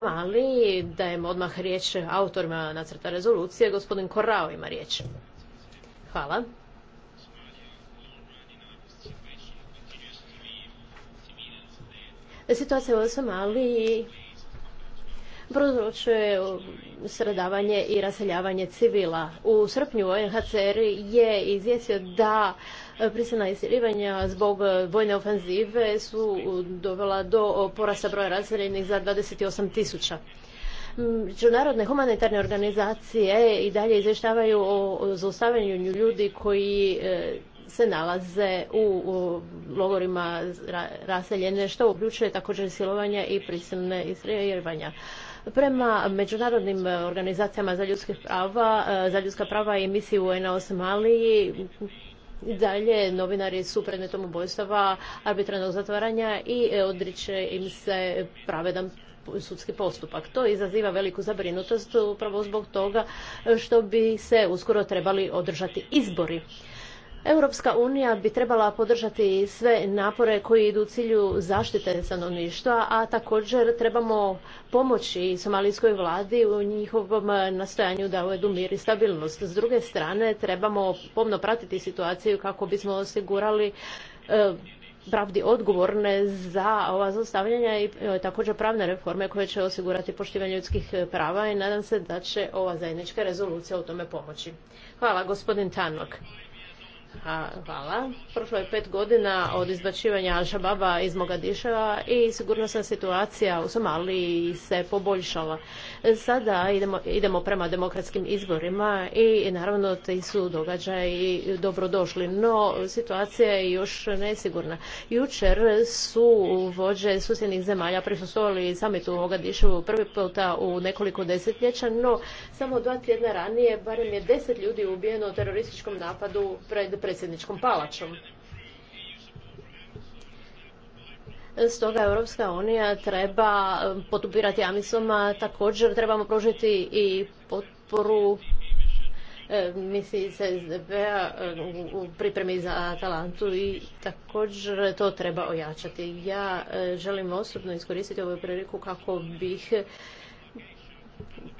ali dajem odmah riječ autorima nacrta rezolucije. Gospodin Korao ima riječ. Hvala. Situacija u Somaliji je um, sredavanje i raseljavanje civila. U srpnju UNHCR je izvjesio da e, prisilna iseljivanja zbog vojne ofenzive su dovela do porasta broja raseljenih za 28 tisuća. Međunarodne humanitarne organizacije i dalje izvještavaju o zaustavljanju ljudi koji e, se nalaze u logorima raseljene, što uključuje također silovanja i prisilne istrijevanja. Prema međunarodnim organizacijama za ljudska prava, e, za ljudska prava i misiju UN-a u Somaliji, Dalje, novinari su predmetom ubojstava, arbitranog zatvaranja i e, odriče im se pravedan sudski postupak. To izaziva veliku zabrinutost upravo zbog toga što bi se uskoro trebali održati izbori. Europska unija bi trebala podržati sve napore koji idu u cilju zaštite stanovništva, a također trebamo pomoći somalijskoj vladi u njihovom nastojanju da uvedu mir i stabilnost. S druge strane, trebamo pomno pratiti situaciju kako bismo osigurali e, pravdi odgovorne za ova zastavljanja i e, također pravne reforme koje će osigurati poštivanje ljudskih prava i nadam se da će ova zajednička rezolucija u tome pomoći. Hvala gospodin Tanok. Hvala. Prošlo je pet godina od izbačivanja al Baba iz Mogadiša i sigurnosna situacija u Somaliji se poboljšala. Sada idemo, idemo prema demokratskim izborima i naravno ti su događaji dobrodošli, no situacija je još nesigurna. Jučer su vođe susjednih zemalja prisustvovali samitu u Mogadišu prvi puta u nekoliko desetljeća, no samo dva tjedna ranije barem je deset ljudi ubijeno u terorističkom napadu pred predsjedničkom palačom. Stoga Europska unija treba potupirati Amisoma, također trebamo pružiti i potporu e, misiji CSDB-a e, u pripremi za Atalantu i također to treba ojačati. Ja e, želim osobno iskoristiti ovu priliku kako bih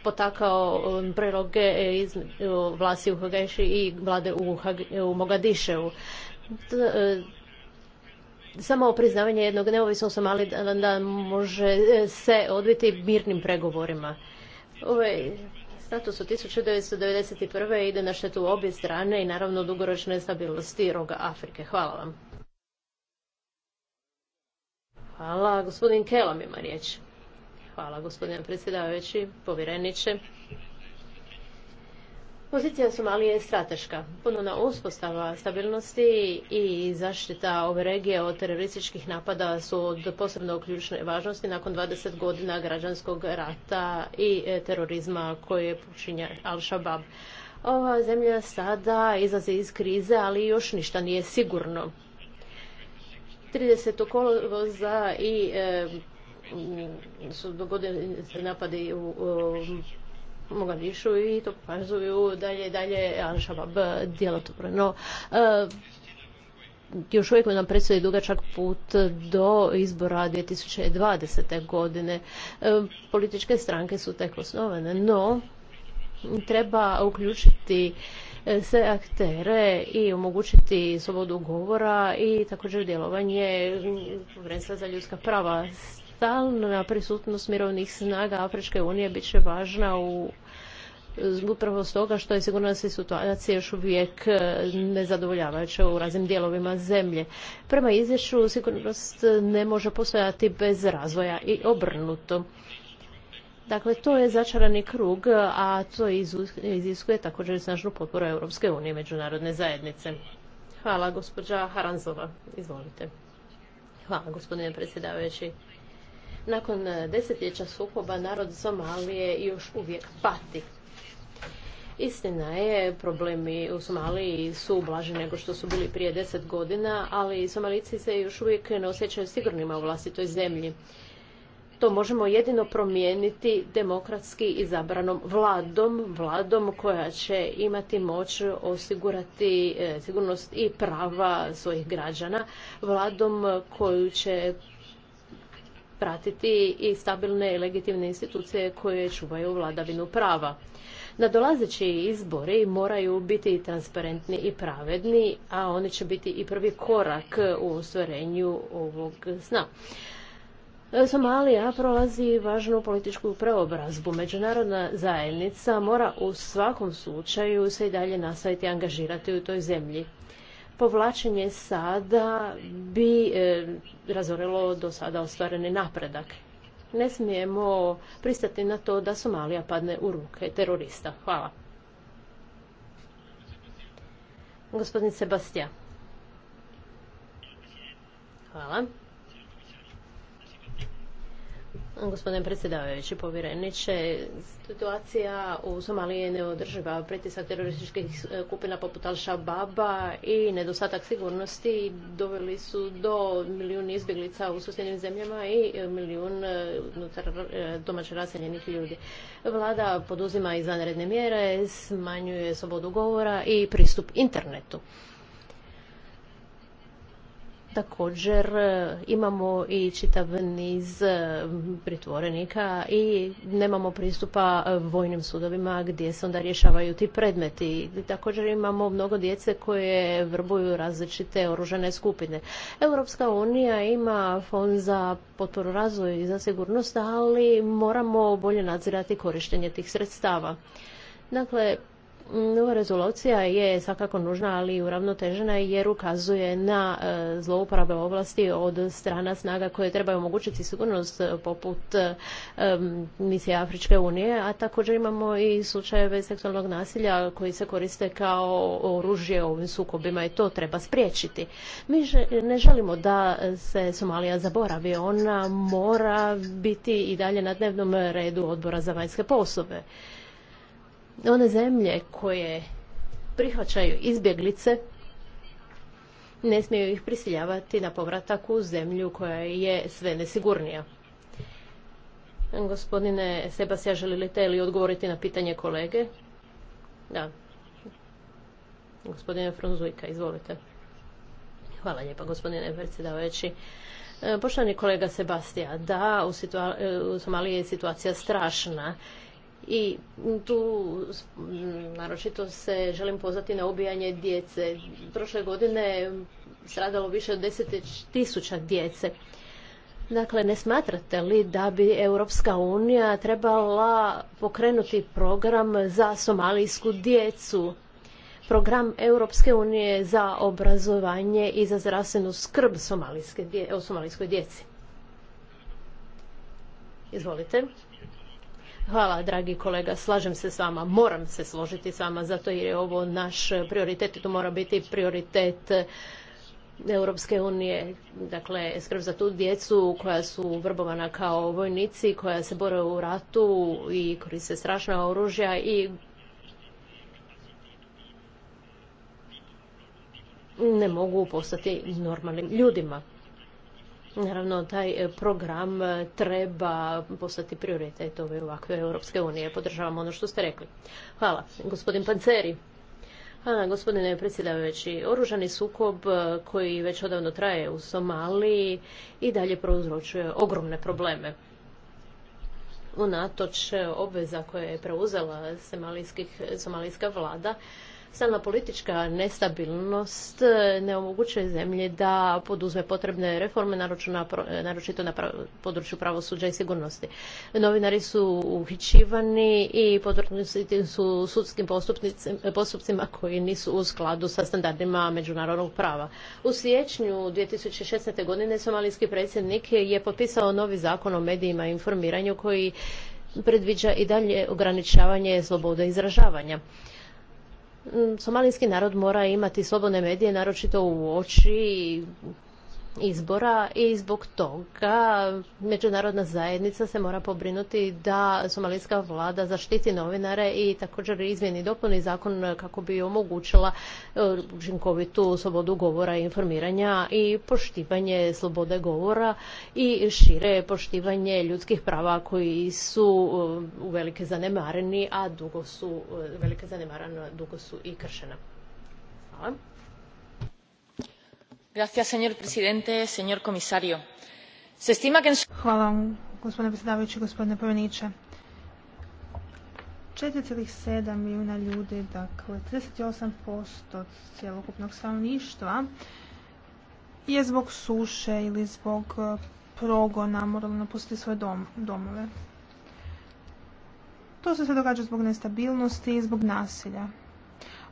potakao um, preroge e, iz vlasti u Hageši i vlade u, e, u Mogadiševu. E, samo priznavanje jednog ali da može se odviti mirnim pregovorima. Ovaj status od 1991. ide na štetu obje strane i naravno dugoročne stabilnosti roga Afrike. Hvala vam. Hvala. Gospodin Kelam ima riječ. Hvala gospodine predsjedavajući, povjereniče. Pozicija Somalije je strateška. Ponovna uspostava stabilnosti i zaštita ove regije od terorističkih napada su od posebno ključne važnosti nakon 20 godina građanskog rata i e, terorizma koje počinja Al-Shabaab. Ova zemlja sada izlazi iz krize, ali još ništa nije sigurno. 30. kolovoza i e, Mm, su dogodili se napadi u, u Mogadišu i to pokazuju dalje dalje Al-Shabaab No, e, još uvijek nam predstoji dugačak put do izbora 2020. godine. E, političke stranke su tek osnovane, no treba uključiti e, sve aktere i omogućiti slobodu govora i također djelovanje Povjerenstva za ljudska prava stalna prisutnost mirovnih snaga Afričke unije bit će važna u upravo stoga što je sigurnosna situacija još uvijek e, nezadovoljavajuća u raznim dijelovima zemlje. Prema izvješću sigurnost ne može postojati bez razvoja i obrnuto. Dakle, to je začarani krug, a to iziskuje također snažnu potporu Europske unije i međunarodne zajednice. Hvala, gospođa Haranzova. Izvolite. Hvala, gospodine predsjedavajući. Nakon eh, desetljeća sukoba narod Somalije još uvijek pati. Istina je, problemi u Somaliji su blaži nego što su bili prije deset godina, ali Somalici se još uvijek ne osjećaju sigurnima u vlastitoj zemlji. To možemo jedino promijeniti demokratski izabranom vladom, vladom koja će imati moć osigurati eh, sigurnost i prava svojih građana, vladom koju će pratiti i stabilne i legitimne institucije koje čuvaju vladavinu prava. Nadolazeći izbori moraju biti transparentni i pravedni, a oni će biti i prvi korak u ostvarenju ovog sna. Somalija prolazi važnu političku preobrazbu. Međunarodna zajednica mora u svakom slučaju se i dalje nastaviti angažirati u toj zemlji povlačenje sada bi e, razorilo do sada ostvareni napredak. Ne smijemo pristati na to da Somalija padne u ruke terorista. Hvala. Gospodin Sebastija. Hvala. Gospodine predsjedavajući, povjereniče, situacija u Somaliji je neodrživa. Pritisak terorističkih eh, skupina poput Al-Shabaaba i nedostatak sigurnosti doveli su do milijun izbjeglica u susjednim zemljama i eh, milijun eh, domaće raseljenih ljudi. Vlada poduzima izvanredne mjere, smanjuje slobodu govora i pristup internetu. Također e, imamo i čitav niz e, pritvorenika i nemamo pristupa e, vojnim sudovima gdje se onda rješavaju ti predmeti. Također imamo mnogo djece koje vrbuju različite oružane skupine. Europska unija ima fond za potporu razvoju i za sigurnost, ali moramo bolje nadzirati korištenje tih sredstava. Dakle, Rezolucija je svakako nužna, ali i uravnotežena jer ukazuje na e, zlouporabe ovlasti od strana snaga koje trebaju omogućiti sigurnost e, poput e, misije Afričke unije, a također imamo i slučajeve seksualnog nasilja koji se koriste kao oružje u ovim sukobima i to treba spriječiti. Mi ne želimo da se Somalija zaboravi, ona mora biti i dalje na dnevnom redu odbora za vanjske poslove one zemlje koje prihvaćaju izbjeglice ne smiju ih prisiljavati na povratak u zemlju koja je sve nesigurnija. Gospodine Sebastija, želite li odgovoriti na pitanje kolege? Da. Gospodine Frunzujka, izvolite. Hvala lijepa, gospodine predsjedavajući. E, poštovani kolega Sebastija, da, u, u Somaliji je situacija strašna i tu mm, naročito se želim pozvati na obijanje djece. Prošle godine stradalo više od deset tisuća djece. Dakle, ne smatrate li da bi Europska unija trebala pokrenuti program za somalijsku djecu? Program Europske unije za obrazovanje i za zdravstvenu skrb somalijske o somalijskoj djeci. Izvolite. Hvala, dragi kolega. Slažem se s vama. Moram se složiti s vama, zato jer je ovo naš prioritet i to mora biti prioritet Europske unije, dakle skrb za tu djecu koja su vrbovana kao vojnici, koja se bore u ratu i koriste strašna oružja i ne mogu postati normalnim ljudima. Naravno, taj e, program e, treba postati prioritet ove ovakve Europske unije. Podržavam ono što ste rekli. Hvala. Gospodin Panceri. Hvala, gospodine predsjedavajući. Oružani sukob e, koji već odavno traje u Somaliji i dalje prouzročuje ogromne probleme unatoč obveza koje je preuzela somalijska vlada, Stalna politička nestabilnost e, ne omogućuje zemlji da poduzme potrebne reforme, naročito na području pravosuđa i sigurnosti. Novinari su uhićivani i podvrgnuti su sudskim postupcima koji nisu u skladu sa standardima međunarodnog prava. U siječnju 2016. godine somalijski predsjednik je potpisao novi zakon o medijima i informiranju koji predviđa i dalje ograničavanje slobode izražavanja. Mm, somalijski narod mora imati slobodne medije, naročito u oči izbora i zbog toga međunarodna zajednica se mora pobrinuti da somalijska vlada zaštiti novinare i također izmjeni dopuni zakon kako bi omogućila e, učinkovitu slobodu govora i informiranja i poštivanje slobode govora i šire poštivanje ljudskih prava koji su e, velike zanemareni, a dugo su, e, velike zanemarena, dugo su i kršena. Hvala señor presidente señor comisario se gospodine predsjedavajući, gospodine povjereniče. 4,7 milijuna ljudi, dakle 38% cjelokupnog stanovništva je zbog suše ili zbog eh, progona moralo napustiti svoje domove. To se sve događa zbog nestabilnosti i zbog nasilja.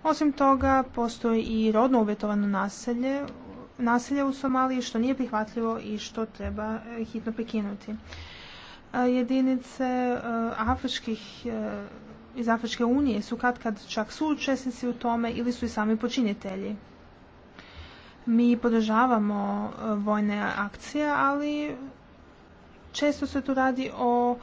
Osim toga, postoji i rodno uvjetovano nasilje nasilja u Somaliji što nije prihvatljivo i što treba eh, hitno prekinuti. Eh, jedinice eh, afričkih iz Afričke unije su kad kad čak učesnici u tome ili su i sami počinitelji. Mi podržavamo vojne akcije, ali često se tu radi o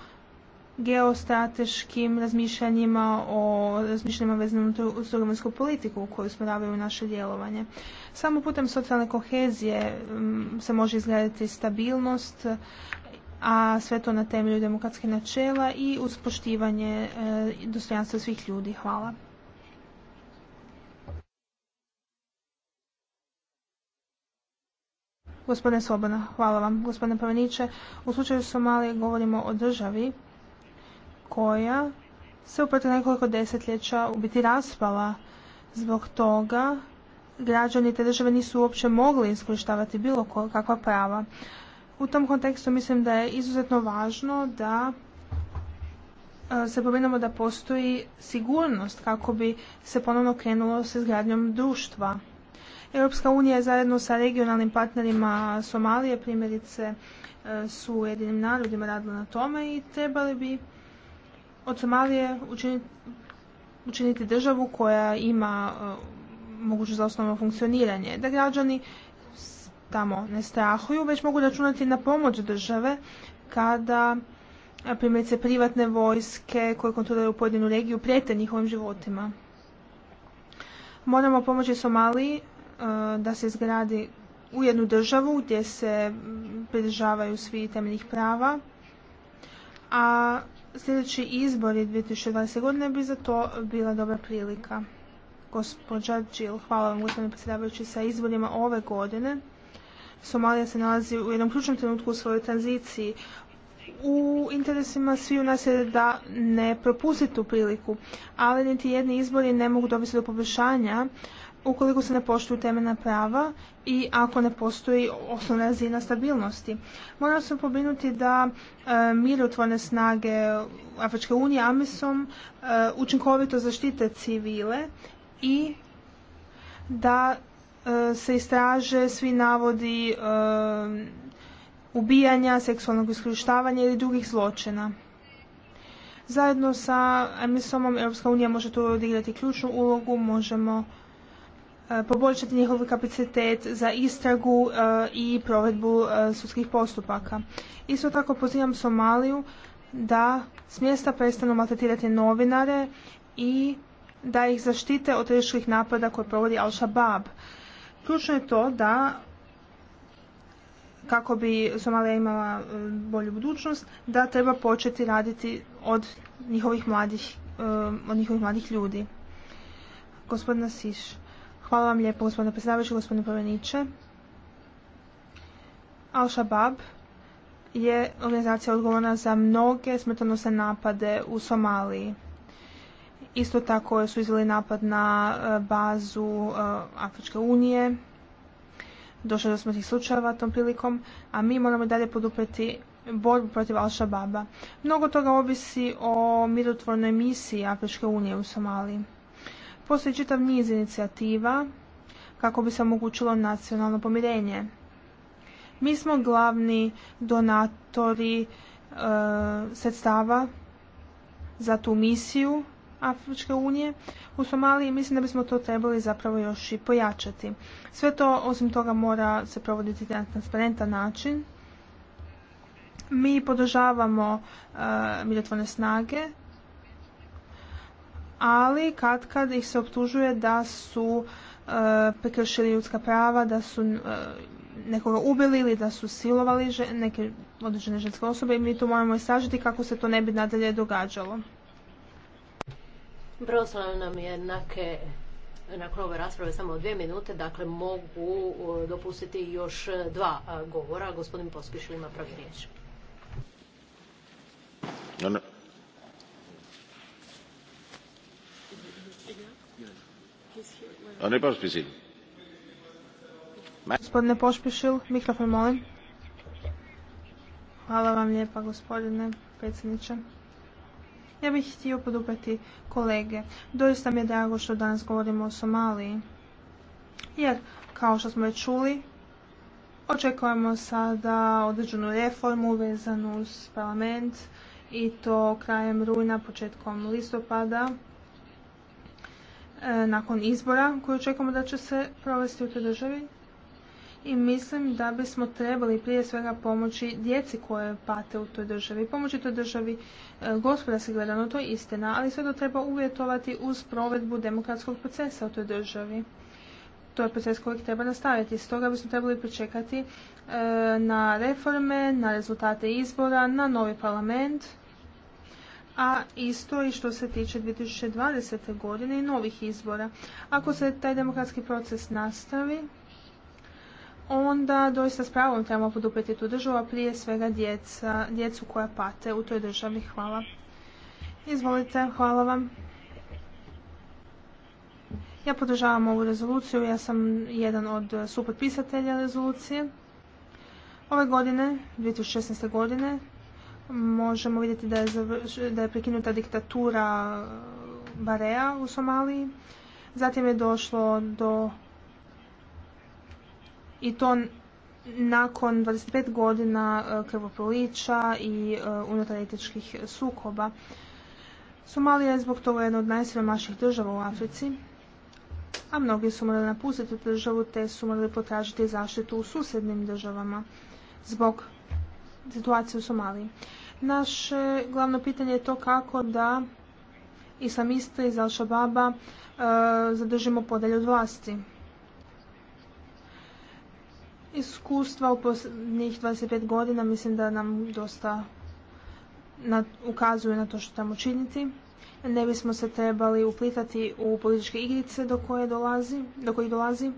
geostrateškim razmišljanjima o razmišljanjima vezanim uz trgovinsku politiku koju u naše djelovanje. Samo putem socijalne kohezije mm, se može izgledati stabilnost, a sve to na temelju demokratskih načela i uspoštivanje e, dostojanstva svih ljudi. Hvala. Gospodine Sobona, hvala vam. Gospodine Pavaniće, u slučaju Somalije govorimo o državi koja se uproti nekoliko desetljeća u biti raspala. Zbog toga građani te države nisu uopće mogli iskorištavati bilo kakva prava. U tom kontekstu mislim da je izuzetno važno da e, se pobrinemo da postoji sigurnost kako bi se ponovno krenulo sa izgradnjom društva. Europska unija je zajedno sa regionalnim partnerima Somalije, primjerice e, su u jedinim narodima radili na tome i trebali bi od Somalije učiniti, učiniti državu koja ima e, mogućnost za osnovno funkcioniranje, da građani tamo ne strahuju, već mogu računati na pomoć države kada primjerice privatne vojske koje kontroliraju pojedinu regiju prijete njihovim životima. Moramo pomoći Somaliji e, da se izgradi u jednu državu gdje se pridržavaju svi temeljnih prava, a sljedeći izbori 2020. godine bi za to bila dobra prilika. Gospođa Jill, hvala vam gospodine predsjedavajući, sa izborima ove godine Somalija se nalazi u jednom ključnom trenutku u svojoj tranziciji. U interesima svi u nas je da ne propusti tu priliku, ali niti jedni izbori ne mogu dovesti do poboljšanja ukoliko se ne poštuju temeljna prava i ako ne postoji osnovna razina stabilnosti. moram se pobrinuti da e, mirotvorne snage Afričke unije Amisom e, učinkovito zaštite civile i da e, se istraže svi navodi ubijanja, seksualnog iskorištavanja ili drugih zločina. Zajedno sa Amisomom Europska unija može tu odigrati ključnu ulogu, možemo E, poboljšati njihov kapacitet za istragu e, i provedbu e, sudskih postupaka. Isto tako pozivam Somaliju da s mjesta prestanu maltretirati novinare i da ih zaštite od teških napada koje provodi Al-Shabaab. Ključno je to da kako bi Somalija imala bolju budućnost, da treba početi raditi od njihovih mladih, od njihovih mladih ljudi. Gospodina Siš, Hvala vam lijepo gospodine predsjedavajući, gospodine povjereniče. Al-Shabaab je organizacija odgovorna za mnoge smrtonosne napade u Somaliji. Isto tako su izveli napad na e, bazu e, Afričke unije. Došlo do smrtnih slučajeva tom prilikom, a mi moramo dalje poduprijeti borbu protiv Al-Shababa. Mnogo toga ovisi o mirotvornoj misiji Afričke unije u Somaliji. Postoji čitav niz inicijativa kako bi se omogućilo nacionalno pomirenje. Mi smo glavni donatori e, sredstava za tu misiju Afričke unije u Somaliji i mislim da bismo to trebali zapravo još i pojačati. Sve to osim toga mora se provoditi na transparentan način. Mi podržavamo e, mirotvorne snage ali kad kad ih se optužuje da su e, prekršili ljudska prava, da su e, nekoga ubili ili da su silovali žene neke određene ženske osobe i mi to moramo istražiti kako se to ne bi nadalje događalo. Preostalo nam je jednake nakon ove rasprave samo dvije minute, dakle mogu dopustiti još dva govora. Gospodin Pospišil ima pravi riječ. Gospodine mikrofon molim. Hvala vam lijepa gospodine predsjedniče. Ja bih htio podupati kolege. Doista mi je drago što danas govorimo o Somaliji. Jer, kao što smo već čuli, očekujemo sada određenu reformu vezanu uz parlament i to krajem rujna, početkom listopada E, nakon izbora koju očekujemo da će se provesti u toj državi. I mislim da bismo trebali prije svega pomoći djeci koje pate u toj državi. Pomoći toj državi e, gospodarski gledano, to je istina, ali sve to treba uvjetovati uz provedbu demokratskog procesa u toj državi. To je proces kojeg treba nastaviti. Stoga bismo trebali pričekati e, na reforme, na rezultate izbora, na novi parlament a isto i što se tiče 2020. godine i novih izbora. Ako se taj demokratski proces nastavi, onda doista s pravom trebamo poduprijeti tu državu, a prije svega djeca, djecu koja pate u toj državi. Hvala. Izvolite, hvala vam. Ja podržavam ovu rezoluciju, ja sam jedan od supotpisatelja rezolucije. Ove godine, 2016. godine, možemo vidjeti da je, da je prekinuta diktatura Barea u Somaliji. Zatim je došlo do i to nakon 25 godina e, krvoprolića i e, unutaretičkih sukoba. Somalija je zbog toga jedna od najsiromašnijih država u Africi, a mnogi su morali napustiti državu te su morali potražiti zaštitu u susjednim državama zbog situacije u Somaliji. Naše glavno pitanje je to kako da islamiste iz Al-Shababa e, zadržimo podelju od vlasti. Iskustva u posljednjih 25 godina mislim da nam dosta na, ukazuju na to što tamo činiti. Ne bismo se trebali uplitati u političke igrice do koje dolazi, do kojih dolazi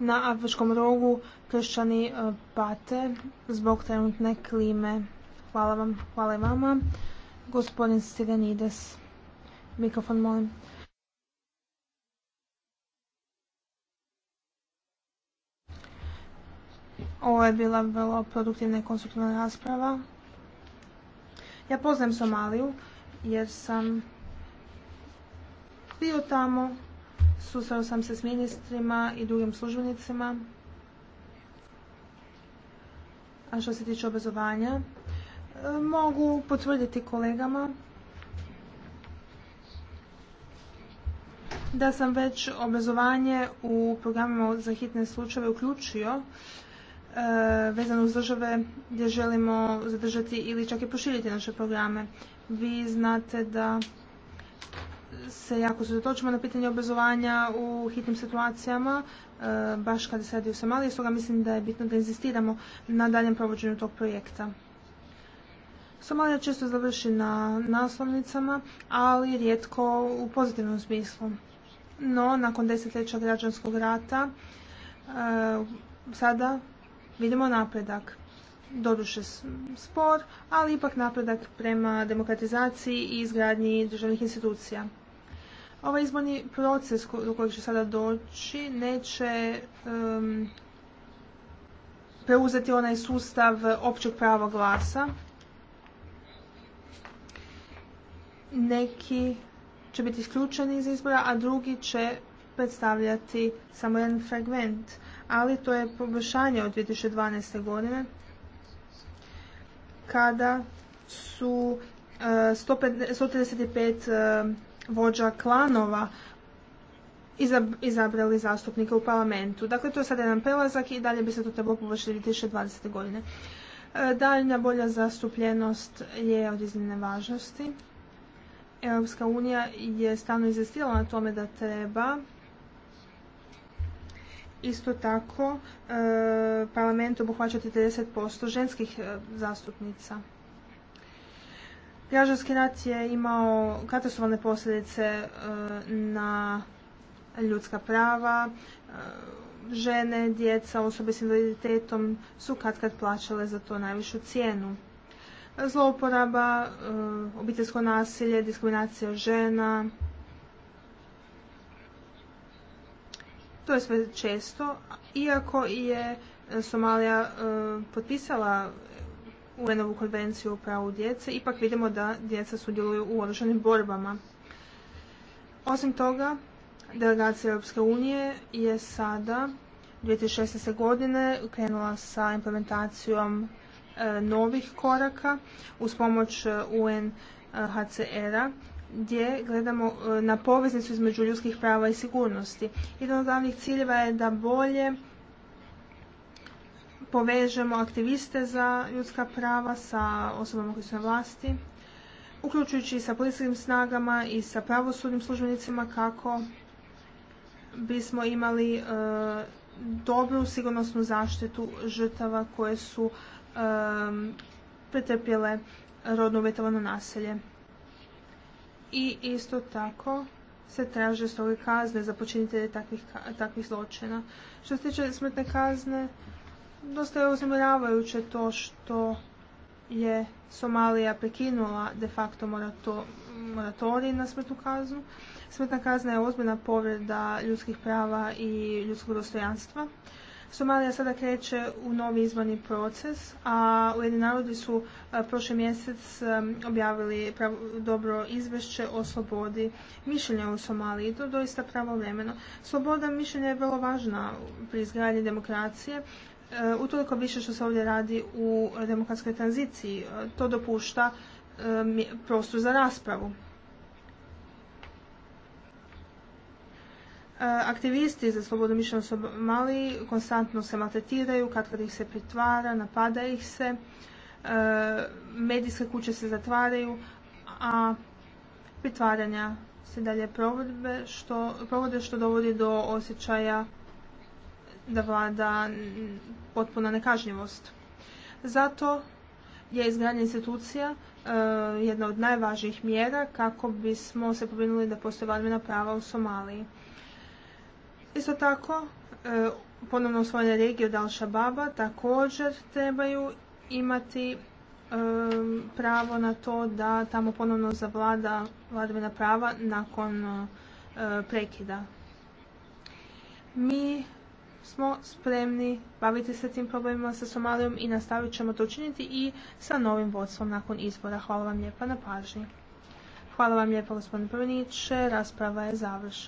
na Afričkom rogu kršćani e, pate zbog trenutne klime. Hvala vam, hvala i vama. Gospodin Sirenides, mikrofon molim. Ovo je bila vrlo produktivna i konstruktivna rasprava. Ja poznajem Somaliju jer sam bio tamo susreo sam se s ministrima i drugim službenicima. A što se tiče obrazovanja, e, mogu potvrditi kolegama da sam već obrazovanje u programima za hitne slučajeve uključio e, vezano uz države gdje želimo zadržati ili čak i proširiti naše programe. Vi znate da se jako sredotočimo na pitanje obrazovanja u hitnim situacijama, e, baš kada se radi o Somaliji, stoga mislim da je bitno da inzistiramo na daljem provođenju tog projekta. Somalija često završi na naslovnicama, ali rijetko u pozitivnom smislu. No, nakon desetljeća građanskog rata, e, sada vidimo napredak. Doduše spor, ali ipak napredak prema demokratizaciji i izgradnji državnih institucija. Ovaj izborni proces do kojeg će sada doći neće preuzeti onaj sustav općeg prava glasa. Neki će biti isključeni iz izbora, a drugi će predstavljati samo jedan fragment. Ali to je poboljšanje od 2012. godine kada su 135 eh, vođa klanova izabrali zastupnike u parlamentu. Dakle, to je sad jedan prelazak i dalje bi se to trebalo poboljšati 2020. godine. E, daljnja bolja zastupljenost je od iznimne važnosti. Europska unija je stalno izvestila na tome da treba isto tako e, parlament obuhvaćati 30% ženskih e, zastupnica građanski rat je imao katastrofalne posljedice e, na ljudska prava, e, žene, djeca, osobe s invaliditetom su kad kad plaćale za to najvišu cijenu. Zlouporaba, e, obiteljsko nasilje, diskriminacija žena, to je sve često, iako je Somalija potpisala UN-ovu konvenciju o pravu djece, ipak vidimo da djeca sudjeluju u oružanim borbama. Osim toga, delegacija Europske unije je sada 2016. godine krenula sa implementacijom e, novih koraka uz pomoć e, UNHCR-a gdje gledamo e, na poveznicu između ljudskih prava i sigurnosti. Jedan od glavnih ciljeva je da bolje povežemo aktiviste za ljudska prava sa osobama koje su na vlasti, uključujući i sa policijskim snagama i sa pravosudnim službenicima kako bismo imali e, dobru sigurnosnu zaštitu žrtava koje su e, pretrpjele rodno uvjetovano naselje. I isto tako se traže stroge kazne za počinitelje takvih, takvih zločina. Što se tiče smrtne kazne, dosta je uzimljavajuće to što je Somalija prekinula de facto moratorij na smrtnu kaznu. Smrtna kazna je ozbiljna povreda ljudskih prava i ljudskog dostojanstva. Somalija sada kreće u novi izborni proces, a Ujedini narodi su e, prošli mjesec e, objavili dobro izvješće o slobodi mišljenja u Somaliji. To doista vremeno. Sloboda mišljenja je vrlo važna pri izgradnji demokracije E, utoliko više što se ovdje radi u demokratskoj tranziciji. E, to dopušta e, prostor za raspravu. Aktivisti za slobodu mišljenja su Mali konstantno se maltretiraju, kad kad ih se pritvara, napada ih se, medijske kuće se zatvaraju, a pritvaranja se dalje provode što, provode što dovodi do osjećaja da vlada potpuna nekažnjivost. Zato je izgradnja institucija e, jedna od najvažnijih mjera kako bismo se pobrinuli da postoje vladavina prava u Somaliji. Isto tako, e, ponovno usvojene regije od al također trebaju imati e, pravo na to da tamo ponovno zavlada vladavina prava nakon prekida. Mi smo spremni baviti se tim problemima sa Somalijom i nastavit ćemo to učiniti i sa novim vodstvom nakon izbora. Hvala vam lijepa na pažnji. Hvala vam lijepa gospodine Prveniće. Rasprava je završena.